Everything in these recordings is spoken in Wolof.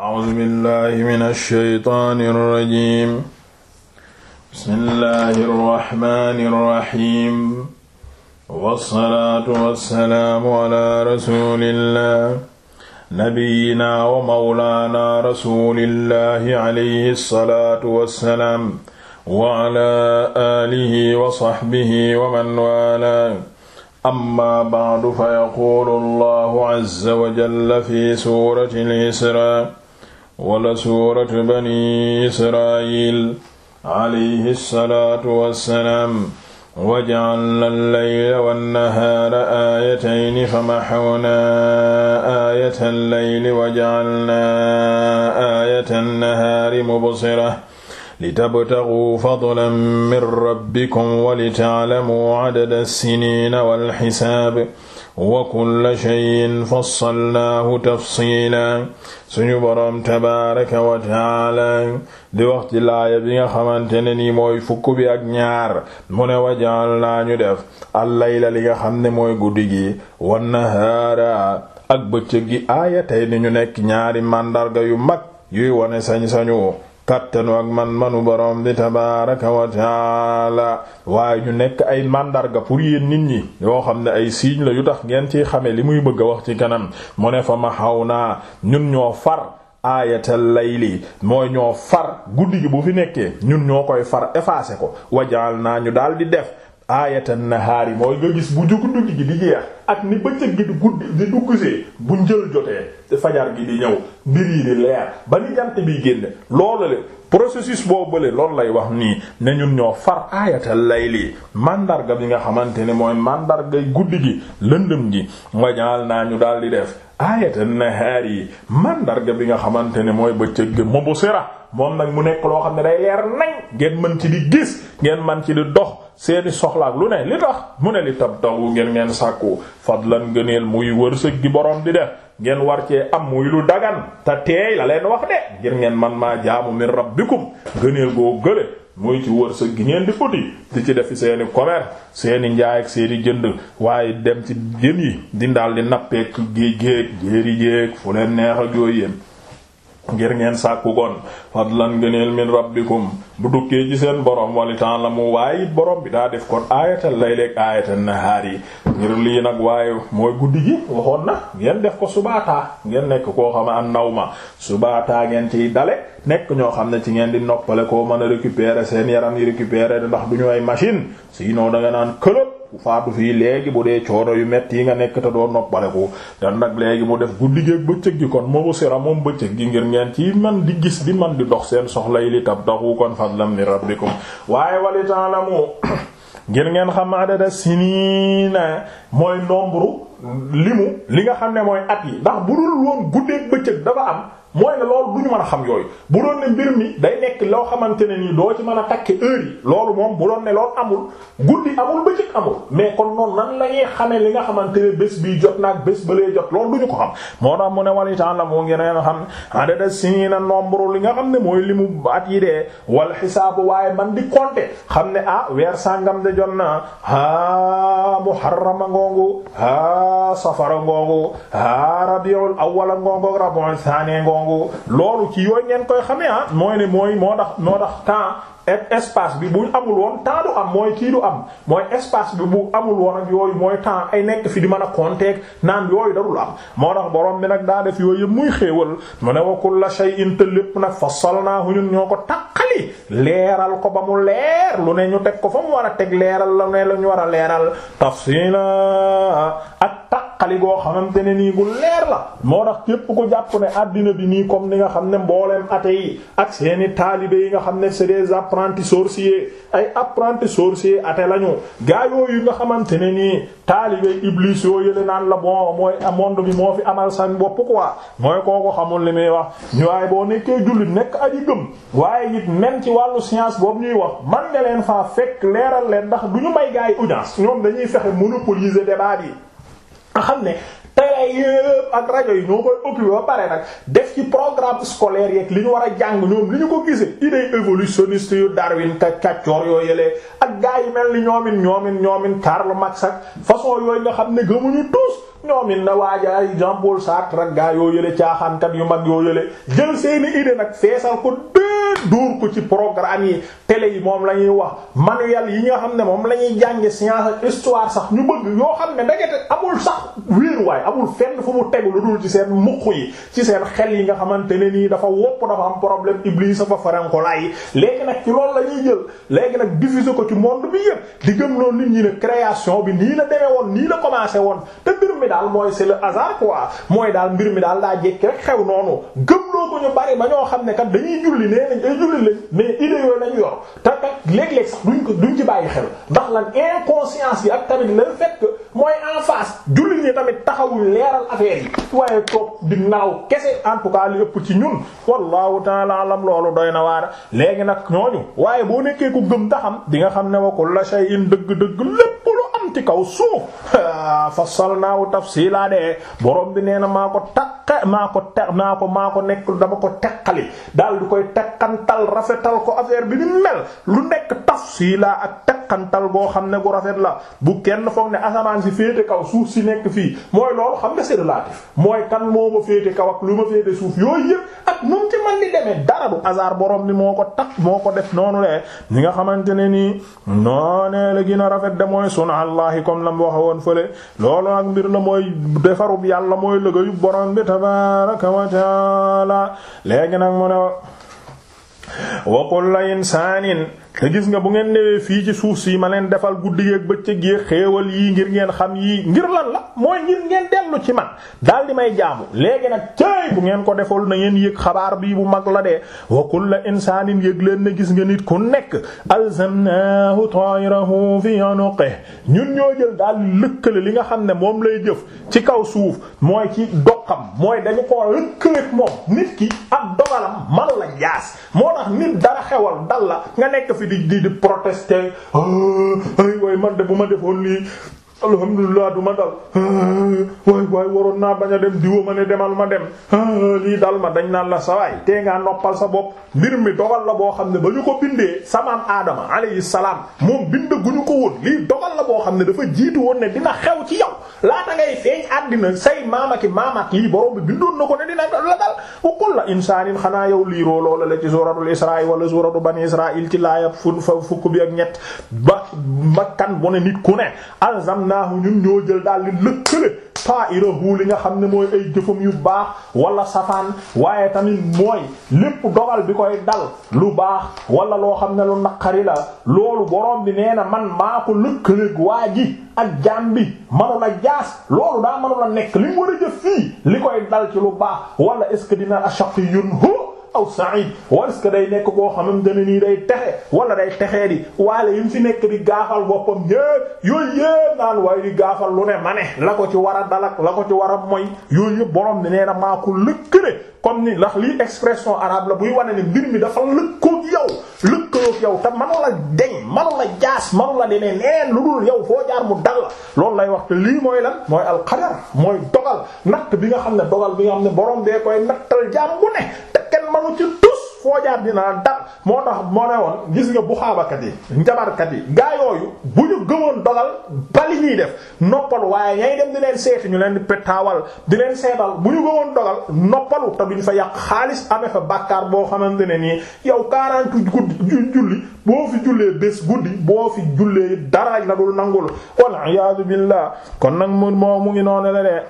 A'uuzu billaahi mina shaytaani rajiim bismillaahi rahmaani rahiim wassalaatu wassalaamu alaa rasuulillaah nabiyyinaa wa mawlaanaa rasuulillaahi alayhi salaatu wassalaam wa alaa aalihi wa sahbihi wa man waalaa amma ba'du fa yaquulu Allaahu azza wa jalla fi suurati al-Israa wala suuratu bani israil alayhi salaatu wassalaam wa ja'alna al-layla wan-nahaara aayatayni fa mahawna aayata al-layli wa ja'alna aayata an-nahaari mubsirah litabtaghuu fadlan min rabbikum wa lita'lamuu adada as-siniina wal-hisaab wa kulla shay'in fassalnaahu tafsiila suñu boroom tabaaraka wa di wax ci laaya bi nga xamante ne ni mooy fukk bi ak ñaar mu ne wajaal ñu def allayla li nga xam ne mooy guddi gi wannahaara ak bëccëg gi aaya tey ni ñu nekk ñaari màndarga yu mag yuy wane sañ-sañu kattanu ak man manu borom bi tabaaraka wa taala waaye ñu nekk ay màndarga pour yéen nit ñi yoo xam ne ay signe la yu tax ngeen ci xame li muy bëgg a wax ci kanam mu ne fa ma xaw naa ñun ñoo far aayatal layli mooy ñoo far guddi gi bu fi nekkee ñun ñoo koy far effacé ko wajaal naa ñu daal di def aayatan nahaari mooy nga gis bu jug dugg gi di jeex ak ni bëccëg gi di guddi di bu njël jotee te fajar gi di ñëw mbir yi di leer ba ni jant bi génn loolu le processus boo bële loolu lay wax nii ne ñun ñoo far aayatal layli màndarga bi nga xamante ne mooy mandargay guddi gi lëndëm ji gi wajaal naa ñu daal di def aayata nahaar yi mandarga bi nga xamante ne mooy bëccëg gi mubsira moom nag mu nekk loo xam ne day leer nañ ngeen mën ci di gis ngeen mën ci di dox seeni soxlaak lu ne li tax mu ne li tabtawu ngeen ngeen sàkku fadlan ngëneel muy wërsëg gi borom di def ngeen war cee am muy lu dagan te teey la leen wax de ngir ngeen man maa jaamu min rabbikum ngëneel goo gële muy ci wërsëg gi ngeen di uti di ci defi seeni commerce seeni njaay ak seeni jënd waaye dem ci jën yi di daal di nappeek géej géej jéeri jéeg fu leen neex ak yooyu yéen ngir ngeen sàkku kon fadlan ngëneel min rabbikum bu dukkee ci seen borom wali temps la mu waaye it borom bi daa def kon aayatal layli ak aayatal nahaar yi ngir lii nag waaye mooy guddi gi waxoon na ngeen def ko subaataa ngeen nekk koo xam ne an naw ma subaataa ngeen ciy dale nekk ñoo xam ne ci ngeen di noppale koo mën a récupérer seen yaram yi récupérer ndax du ñu ay machine sinon da nga naan këlëb faatu fii léegi bu dee coono yu metti yi nga nekk te doo noppaleku te nag léegi mu def guddi gi ak bëccëg gi kon moomu sira moom bëccëg gi ngir ngeen ci man di gis di man di dox seen soxla yi li tab taxu kon fadlan min rabbikum waaye wali ta'lamu ngir ngeen xam adada sinina mooy nombre limu li nga xam ne mooy at yi ndax bu dul woon guddeeg bëccëg dafa am mooy ne loolu du ñu mën a xam yooyu bu doon ne mbir mi day nekk loo xamante ne nii doo ci mën a takk heure loolu moom bu doon ne loolu amul guddi amul bëccëg amul mais kon noonu nan la ñuy xamee li nga xamante ne bés bii jot naag bés balee jot lool du ñu ko xam moo tax mu ne wal itaan la moo ngi neen xam adada sinina nombre li nga xam ne mooy li mu at yi dee wal xisaabu waaye man di compter xam ne ah weer sàngam de jot na ah a haa safara ngongu haa rabiul awwal ngongu rabiul thani ngongu loolu ci yooyu ngeen koy xamee ah mooy ne mooy moo tax moo tax temps et espace bi buñ amul woon temps du am mooy kii du am mooy espace bi bu amul woon ak yooyu mooy temps ay nekk fi di mën a compter naan yooyu darul am moo tax borom bi nag daa def yooyu yëpp muy xéewal mu ne wa kulla shay'in te lépp nag fassalnaahu ñun ñoo ko taqali leeral ko ba mu leer lu ne ñu teg ko fa mu war a teg leeral la ne la ñu war a leeral tafsiila taqali goo xamante ne nii gu leer la moo tax képp ko jàpp ne àddina bi nii comme ni nga xam ne mbooleem athée yi ak seeni taalibe yi nga xam ne c'est des apprentis sorciers ay apprentis sorciers athée lañu gaa yi nga xamante ne nii taalibe iblis yoo yële naan la bon mooy monde bi moo fi amal san bopp quoi mooy kooko xamul li muy wax ñu waaye boo nekkee jullit nekk aji gëm waaye it même ci wàllu science boobu ñuy wax man nga leen faa fekk leeral leen ndax du ñu may gaa yi audience ñoom dañuy fexe monopoliser débat yi nga xam ne télé yépp ak rajo yi ñoo koy occupé ba pare nag def ci programme scolaire yeeg li ñu war a jàng ñoom li ñu ko gisee idée évolutionniste yu Darwin ka kaccoor yoo yëlee ak gaa yi mel ni ñoomin ñoomin ñoomin Karl Marx ak façon yooyu nga xam ne gëmuñu tous ñoomin na waaja Jean Paul Sartre ak gaa yoo yële caaxaankat yu mag yoo yële jël seeni idée nag feesal ko dóor ko ci programme yi télé yi moom la ñuy wax manuel yi nga xam ne moom la ñuy jànge science ak histoire sax ñu bëgg yoo xam ne ndekete amul sax wéeruwaay amul fenn fu mu tegu la dul ci seen muq yi ci seen xel yi nga xamante ne nii dafa wopp dafa am problème iblis sa fa farankola yi léegi nag ci loolu la ñuy jël léegi nag diffuser ko ci monde bi yëpp di gëm loon nit ñi ne création bi nii la demee woon nii la commencé woon te mbir mi daal mooy c'est le hasard daal mbir mi daal daa jekki xew noonu ay jullit lañ mais idée yooyu lañ yor te kat léeg-léeg sax duñ ko duñ ci bàyyi xel ndax lan inconscience yi ak tamit le fait que mooy en face jullit ñi tamit taxawul leeral affaire yi waaye ko di naaw kese en tout cas ëpp ci ñun wallahu ta'ala alam loolu doy na waara léegi nag ñooñu waaye boo nekkee ku gëm taxam di nga xam ne wa kullu shay'in dëgg-dëgg lépp lu am ci kaw suuf fassalnaahu laa de borom bi nee na maa ko takka maa ko ta maa ko maa ko nekk dama ko teqali dal di koy teqantal rafetal ko affaire bi ni mel lu nekk tafsiilaa ak teqantal boo xam ne gu rafet la bu kenn foog ne asamaan si féete kaw suuf si nekk fii mooy loolu xam nga c'est relatif mooy kan moo ma féete kaw ak lu ma féete suuf yooyu yëpp ak nu mu ci man di demee dara du hasard borom bi moo ko takk moo ko def noonu de ñi nga xamante nii noonee allahi comme la mu loolu ak mbir la mooy defarub yàlla mooy lëgëyu borom bi tabaraka wa taala léegi nag mu wa qul la insaanin te gis nga bu ngeen newee fii ci suuf si ma leen defal guddi ak bëccëg yi xéewal yii ngir ngeen xam yii ngir lan la mooy ngir ngeen dellu ci man daal di may jaamu léegi nag cëy bu ngeen ko defal na ngeen yëg xabaar bi bu mag la dee wa kulla insaanin yëg leen ne gis nga nit ku nekk alzamnahu ta'irahu fi unuqihi ñun ñoo jël daal lëkkale li nga xam ne moom lay jëf ci kaw suuf mooy ci doxam mooy dañu ko lëkkale moom nit ki ak dogalam man la jaas moo fi di di di protester ah, ay way man de bu ma defoon lii alhamdulilah duma ma dal ah, waay waay waroon naa bañ a dem diwa ma ne demal ma dem ah, lii dal ma dañ naan la sawaay tee ngaa noppal sa bopp mbir mi dogal la boo xam ne ba ñu ko bindee samaam aadama alayhi salaam moom bind gu ñu ko woon lii dogal la boo xam ne dafa jiitu woon ne dina xew ci yow laata ngay feeñ àddina say maama ki maamak bi bindoon na ko ne dina la dal wa kullu insaanin xanaa yow liiroo loola la ci suuratul Israa wala suuratu bani Israa'iil ci fu fukk bi ak ñett ja'alnaahu ñun ñoo jël daal di lëkkale ta'irahu li nga xam ne mooy ay jëfam yu baax wala safaan waaye tamit mooy lépp dogal bi koy dal lu baax wala loo xam ne lu naqari la loolu boroom bi nee na man maa ko lëkkaleeg waa ak jaam bi manu la jaas loolu daa manu la nekk li mu war a li koy dal ci lu baax wala est-ce que dina ashaqiyun aw sa'id wa est-ce que day nekk koo xamante ne nii day texe wala day texee di waale yi mu fi nekk di gaafal boppam ñépp yooyu yépp naan waaye di gaafal lu ne ma ne la ko ci war a dalak la ko ci war a moy yooyu yépp borom ne nee na maa kom lëkkale ni ndax lii expression arabe la buy wane ni mbir mi dafa lëkk ci ta man manu la deñ man la jaas man la demee lu dul yow foo jaar mu dal loolu lay wax te lii mooy lan mooy alqadar mooy dogal natt bi nga xam ne dogal bi nga xam ne borom dee koy nattal jaam bu ne te kenn manu tus foo jaar dinaa dal moo tax moo ne woon gis nga bu xaabakat yi njabarkat yi gaa yooyu bu ñu gëmoon dogal bali ñuy def noppalu waaye ñay dem di leen seeti ñu leen di pettaawal di leen seetal bu ñu gëmoon dogal noppalu te duñ fa yàq xaalis amee fa bàkkaar boo xamante ne nii yow 40 guddi julli boo fi jullee bés guddi boo fi jullee dara la dul nangul wal iyaadu billah kon nag mu moo mu ngi noonu la de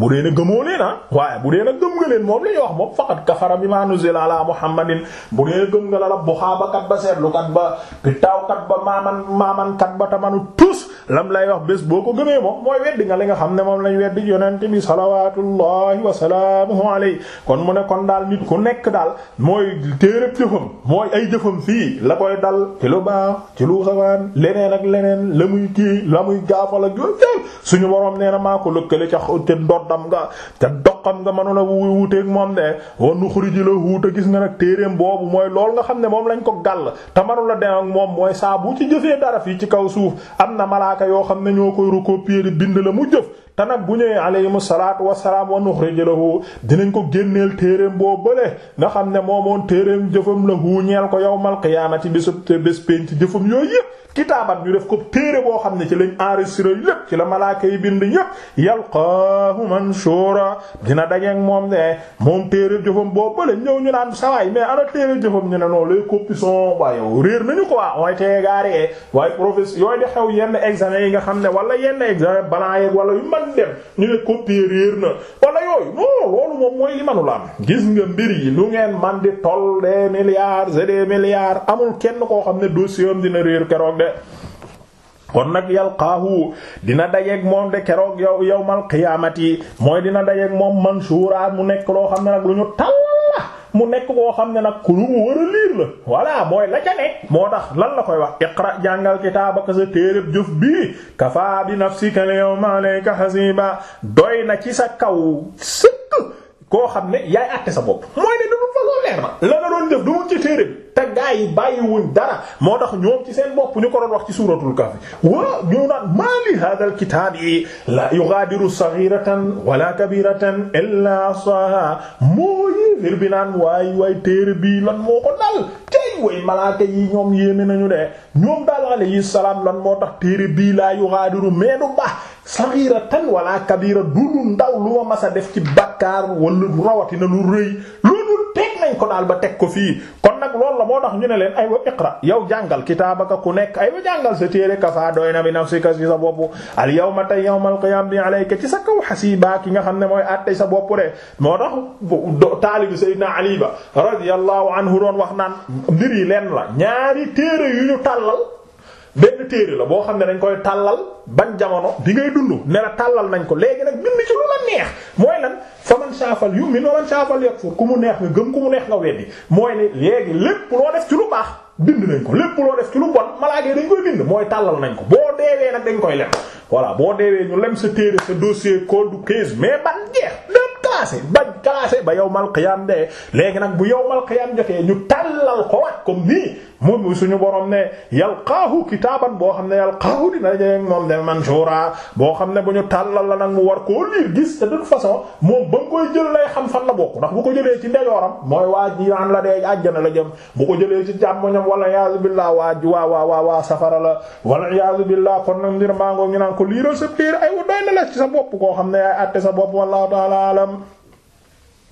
bu dee ne gëmoo leen ah waaye bu dee nag gëm nga leen moom la ñuy wax moom faqat kafara bi ma nuzila ala muhammadin bu dee gëm nga la la bu xaabakat ba seetlukat ba taawkat ba maaman maamankat ba tamanu tus lam lay wax bés boo ko gëmee moom mooy weddi nga li nga xam ne moom lañ weddi yonente bi salawatullahi wasalaamuhu alayhi kon mu ne kon daal nit ku nekk daal mooy téeréb jëfam mooy ay jëfam fii la koy dal ci lu baax ci lu sawaan leneen ak leneen la muy kii la muy gaafal ak yooyu jël suñu borom nee na maa ko lëkkale ca ca ndoddam nga ca doqam nga mënula wuuteeg moom de wa nuxriji la wuuta gis nga nag téeréem boobu mooy lool nga xam ne moom lañ ko gàll te mënula dem moom mooy saa bu ci jëfee dara fii ci kaw suuf am na mala malaaka yoo xam ne ñoo koy recopier di bind la mu jëf te nag bu ñëwee alayhimu salaatu wassalaam wa nuxrij lahu dinañ ko génneel téereem boo bële nga xam ne moomoon téereem jëfam la huu ñeel ko yawmal qiyaamati bésu bés pénc jëfam yooyu yëpp kitaabat ñu def ko téere boo xam ne ci lañ enregistré lép ci la malaaka yi bind yëpp yalqaahu mansuura dina dajeek moom ne moom téere jëfam boo bële ñëw ñu naan sawaay mais ana téere jëfam ñu ne non les copies sont waaye réer nañu ko waa mooy tee gaaree waaye professeur yooyu yenn examen yi nga xam ne wala yenn examen fan dem ñu ne copier réer na wala yooyu loolu moom mooy li manula am gis nga mbir yi lu ngeen man di toll des milliards et des amul kenn koo xam ne dossier am dina réer keroog de kon nag yalqaahu dina dajeeg moom de keroog yow yawmal qiyaamati mooy dina dajeeg moom mansuura mu nekk loo xam ne nag lu ñu tal mu nekk koo xam ne nag ku lu mu war a liir la voilà mooy la nekk moo tax lan la koy wax iqra jàngal kitaabaka sa téeréb jëf bii kafaa bi nafsika al yawma alayka hasiba doy na ci sa kaw koo xam ne yaay àtte sa bopp mooy ne de toute façon leer na la nga doon def dugal ci téere bi te gaa yi bàyyiwuñ dara moo tax ñoom ci seen bopp ñu ko doon wax ci suuratul kahf wa ñu naan maa li haadhal kitaabi la yughaadiru saghiratan wala moo yéefér bi naan waay waay téere bi lan moo ko dal tey way malaaka yi ñoom yéeme nañu de ñoom daal alayhi lan moo tax téere bi laa yughaadiru meedu baax saghiratan wala kabira dulu ndaw lu ma mas a def ci bakkaar wala rawatina lu rëy loolu teg nañ ko daal ba teg ko fii kon nak lool la moo tax ñu ne leen aywa iqra yow jàngal kitaabaka ku nekk aywa jàngal sa téere kafa doy na bi nafsika ci sa bopp al yawma tay yawmal qiyam bi alayka ci sa kaw xasiba ki nga xam ne mooy àttey sa bopp de moo tax taalibi sayyidina ali ba radiyallahu anhu doon wax naan mbir yi leen la ñaari téere yu ñu benn téere la boo xam ne dañ koy tàllal ban jamono bi ngay dund ne la tàllal nañ ko léegi nag bind ci lu la neex mooy lan fa man saafal yu min wa man saafal yakfur ku mu neex nga gëm ku mu neex nga weddi mooy ne léegi lépp loo def ci lu baax bind nañ ko lépp loo def ci lu bon malaagee dañ koy bind mooy tàllal nañ ko boo deewee nag dañ koy lem voilà boo deewee ñu lem sa téere sa dossier code 15 mais ban jeex lépp classé ba classé ba yawmal qiyaam de léegi nag bu yawmal qiyaam jotee ñu tàllal ko wat comme moom suñu borom ne yalqaahu kitaaban boo xam ne yalqaahu dina daje moom de mansuura boo xam ne bu ñu tàllal la nag mu war koo liir gis de toute façon moom ba nga koy jël lay xam fan la bokk ndax bu ko jëlee ci ndeyooram mooy waa ji naan la dee àjjana la jëm bu ko jëlee ci jàmmoñam wala iyaazu billah waa ji waa waa waa waa safara la wala iyaazu billah kon nag mbir maa ngoo ngi naan ko liiral sa biir ay doy na la ci sa bopp koo xam ne yaay àtte sa